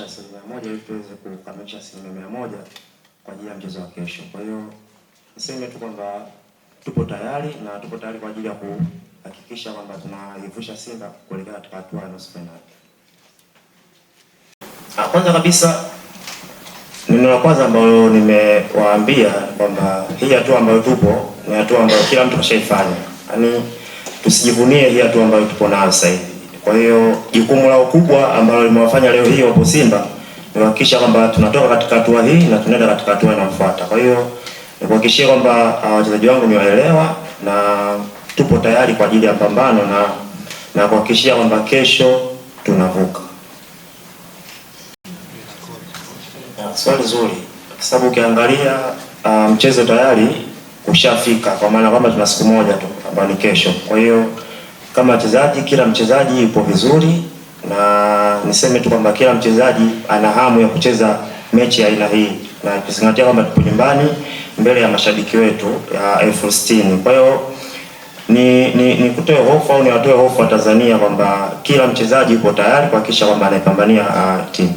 kukamilisha asilimia moja ili tuweze kukamilisha asilimia mia moja kwa ajili ya mchezo wa kesho. Kwa hiyo niseme tu kwamba tupo tayari na tupo tayari kwa ajili ya kuhakikisha kwamba tunaivusha Simba kuelekea katika hatua ya nusu fainali. Ah, kwanza kabisa, neno la kwanza ambalo nimewaambia kwamba hii hatua ambayo tupo ni hatua ambayo kila mtu kashaifanya, yaani tusijivunie hii hatua ambayo tupo nayo sasa hivi kwa hiyo jukumu lao kubwa ambalo limewafanya leo hii wapo Simba ni kuhakikisha kwamba tunatoka katika hatua hii na tunaenda katika hatua inayofuata. Kwa hiyo ni kuhakikishia kwamba ah, wachezaji wangu ni waelewa na tupo tayari kwa ajili ya pambano na na kuhakikishia kwamba kesho tunavuka. Swali zuri, kwa sababu ukiangalia ah, mchezo tayari ushafika, kwa maana kwamba tuna siku moja tu ambayo ni kesho, kwa hiyo kama wachezaji, kila mchezaji yupo vizuri, na niseme tu kwamba kila mchezaji ana hamu ya kucheza mechi ya aina hii, na kuzingatia kwamba tupo nyumbani mbele ya mashabiki wetu ya elfu sitini. Kwa hiyo ni, ni, ni kutoe hofu au ni watoe hofu wa Tanzania kwamba kila mchezaji yupo tayari kuhakikisha kwamba anaipambania uh, timu.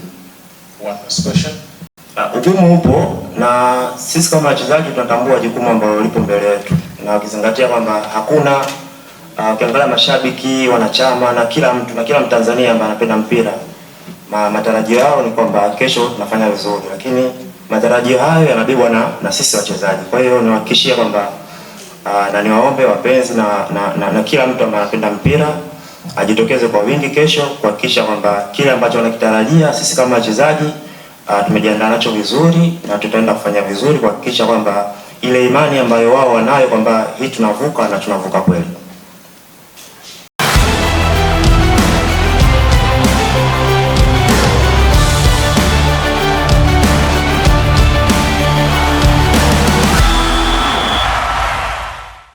Uh, ugumu upo na sisi kama wachezaji tunatambua jukumu ambalo lipo mbele yetu na ukizingatia kwamba hakuna Ah, ukiangalia uh, mashabiki, wanachama na kila mtu na kila Mtanzania ambaye anapenda mpira ma, matarajio yao ni kwamba kesho tunafanya vizuri, lakini matarajio hayo yanabebwa na, na sisi wachezaji. Kwa hiyo niwahakikishia kwamba uh, na niwaombe wapenzi na, na, na, na kila mtu ambaye anapenda mpira ajitokeze kwa wingi kesho kuhakikisha kwamba kile ambacho wanakitarajia sisi kama wachezaji uh, tumejiandaa nacho vizuri na tutaenda kufanya vizuri kuhakikisha kwamba ile imani ambayo wao wanayo kwamba hii tunavuka na tunavuka kweli.